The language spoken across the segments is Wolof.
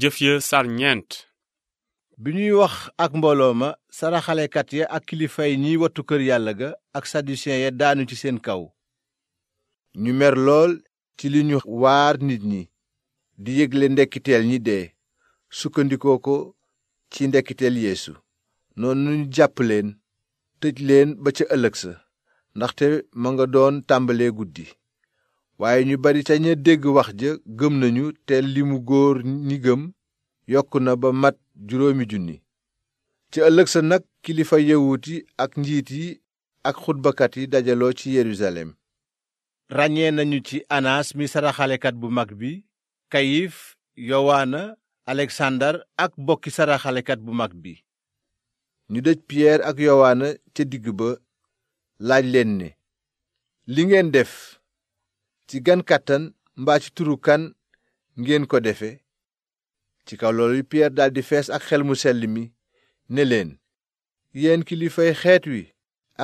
jëf ya bi ñuy wax ak mbooloo ma saraxalekat ya ak kilifa yi ñiy watu kër yàlla ga ak sadduseen ya daanu ci seen kaw ñu mer lool ci li ñu waar nit ñi di yëgle ndekkiteel ñi dee sukkandikoo ko ci ndekkiteel yeesu noonu ñu jàpp leen tëj leen ba ca ëllëg sa ndaxte mu nga doon tàmbalee guddi waaye ñu bari ca ña dégg wax ja gëm nañu te limu góor ñi gëm yokk na ba mat juróomi junni ci ëllëg sa nag kilifa yawut ak njiit yi ak xutbakat yi dajaloo ci yerusalem ràññee nañu ci anaas mi saraxalekat bu mag bi kayif yowaana aleksandar ak bokki saraxalekat bu mag bi ñu dëj piyeer ak yowaana ca digg ba laaj leen ne li ngeen def ci gan kàttan mbaa ci turu kan ngeen ko defe ci kaw loolu piyeer daldi fees ak xel mu sell mi ne leen yéen kilifay xeet wi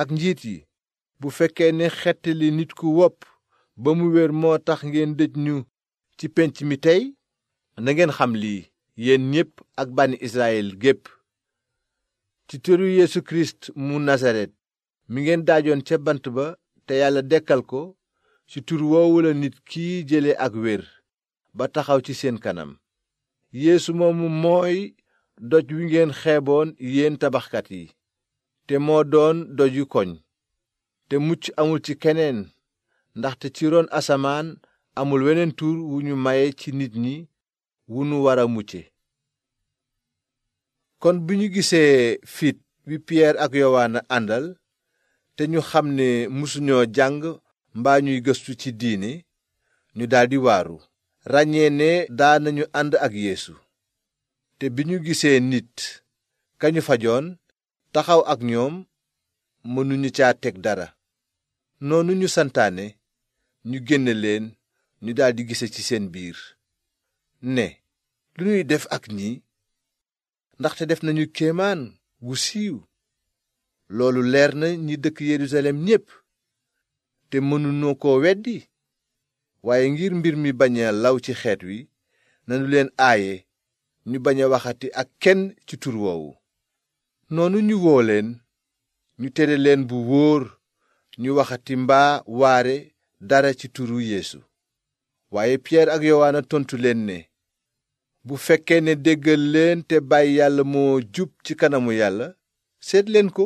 ak njiit yi bu fekkee ne xettali nit ku wopp ba mu wér moo tax ngeen dëj ñu ci penc mi tey na ngeen xam lii yéen ñépp ak bànni Israyil gépp ci tëru Yeesu Kirist mu Nasaret mi ngeen daajoon ca bant ba te yàlla dekkal ko ci tur woowu la nit ki jële ak wér ba taxaw ci seen kanam yéesu moomu mooy doj wi ngeen xeeboon yéen tabaxkat yi te moo doon doju koñ te mucc amul ci keneen ndaxte ci ron asamaan amul weneen tur wu ñu maye ci nit ñi wu nu war a mucce kon bi gisee fit bi ak yowaana àndal te ñu xam ne musuñoo jàng mbaa ñuy gëstu ci diine ñu daldi waaru ràññee ne daanañu ànd ak yeesu te bi ñu gisee nit kañu fajoon taxaw ak ñoom mënuñu caa teg dara noonu ñu santaane ñu génne leen ñu daldi gise ci seen biir ne lu ñuy def ak ñii ndaxte def nañu kéemaan gu siiw loolu leer na ñi dëkk Yerusalem ñépp te mënuñoo ko weddi waaye ngir mbir mi bañ a law ci xeet wi nanu leen aaye ñu bañ a waxati ak kenn ci tur woowu noonu ñu woo leen ñu tere leen bu wóor ñu waxati mbaa waare dara ci turu yéesu waaye piyeer ak yowaana tontu leen ne bu fekkee ne déggal leen te bàyyi yàlla moo jub ci kanamu yàlla seet leen ko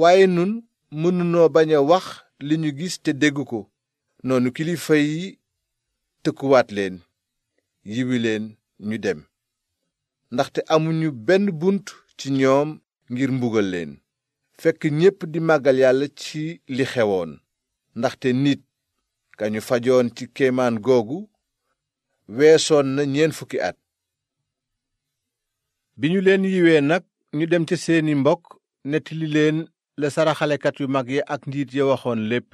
waaye nun mënunoo bañ a wax li ñu gis te dégg ko noonu kilifa yi tëkkuwaat leen yiwi leen ñu dem ndaxte amuñu benn bunt ci ñoom ngir mbugal leen fekk ñépp di màggal yàlla ci li xewoon ndaxte nit kañu fajoon ci kéemaan googu weesoon na ñeent fukki at bi ñu leen yiwee nag ñu dem ca seeni mbokk nettali leen la saraxalekat yu mag yi ak njiit ya waxoon lépp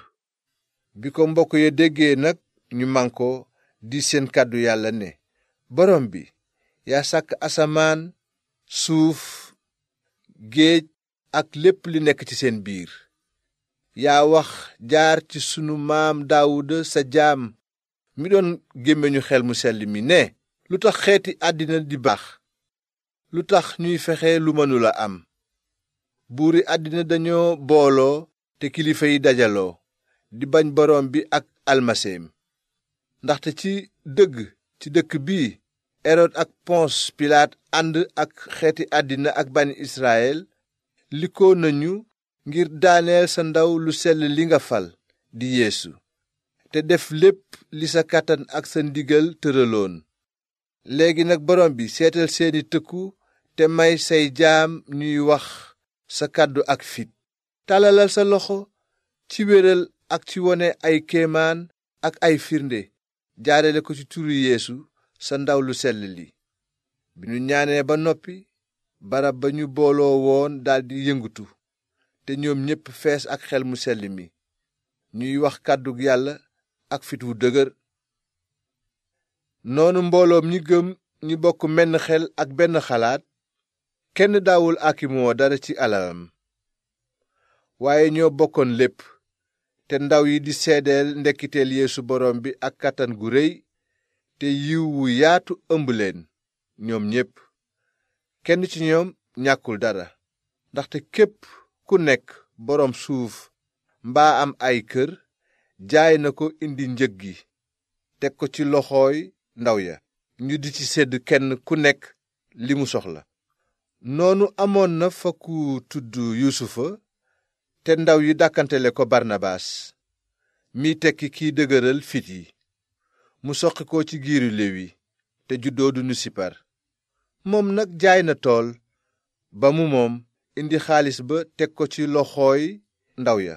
bi ko mbokk ya déggee nag ñu mànkoo di seen kàddu yàlla ne borom bi yaa sàkk asamaan suuf géej ak lépp li nekk ci seen biir yaa wax jaar ci sunu maam daawud sa jaam mi doon gémmiñu xel mu sell mi ne lu tax xeeti àddina di baax lu tax ñuy fexe lu mënula am buur buuri àddina dañoo booloo te kilifa yi dajaloo di bañ boroom bi ak almaseem ndaxte ci dëgg ci dëkk bii erod ak pons pilaat ànd ak xeeti àddina ak bani israel likoo nañu ngir daaneel sa ndaw lu sell li nga fal di yéesu te def lépp li sa kàttan ak sa ndigal tëraloon léegi nag borom bi seetal seeni tëkku te may say jaam ñuy wax sa kàddu ak fit tàllalal sa loxo ci wéral ak ci wone ay kéemaan ak ay firnde jaarale ko ci turu yéesu sa ndaw lu sell li bi ñu ñaanee ba noppi barab ba ñu booloo woon daldi yëngutu te ñoom ñépp fees ak xel mu sell mi ñuy wax kàddu yàlla ak fit wu dëgër noonu mbooloom ñi gëm ñi bokk menn xel ak benn xalaat kenn daawul akimoo dara ci alalam waaye ñoo bokkoon lépp te ndaw yi di seedeel ndekkiteel yeesu borom bi ak kàttan gu réy te yiw yaatu ëmb leen ñoom ñépp kenn ci ñoom ñàkkul dara ndaxte képp ku nekk boroom suuf mbaa am ay kër jaay na ko indi njëg gi teg ko ci loxooy ndaw ya ñu di ci sedd kenn ku nekk li mu soxla noonu amoon na fa ku tudd yuusufa te ndaw yi dàkkantele ko barnabaas mi tekki kiy dëgëral fit yi mu soqi ko ci giiru lewi te juddoo dunu sipar moom nag jaay na tool ba mu moom indi xaalis ba teg ko ci loxooy ndaw ya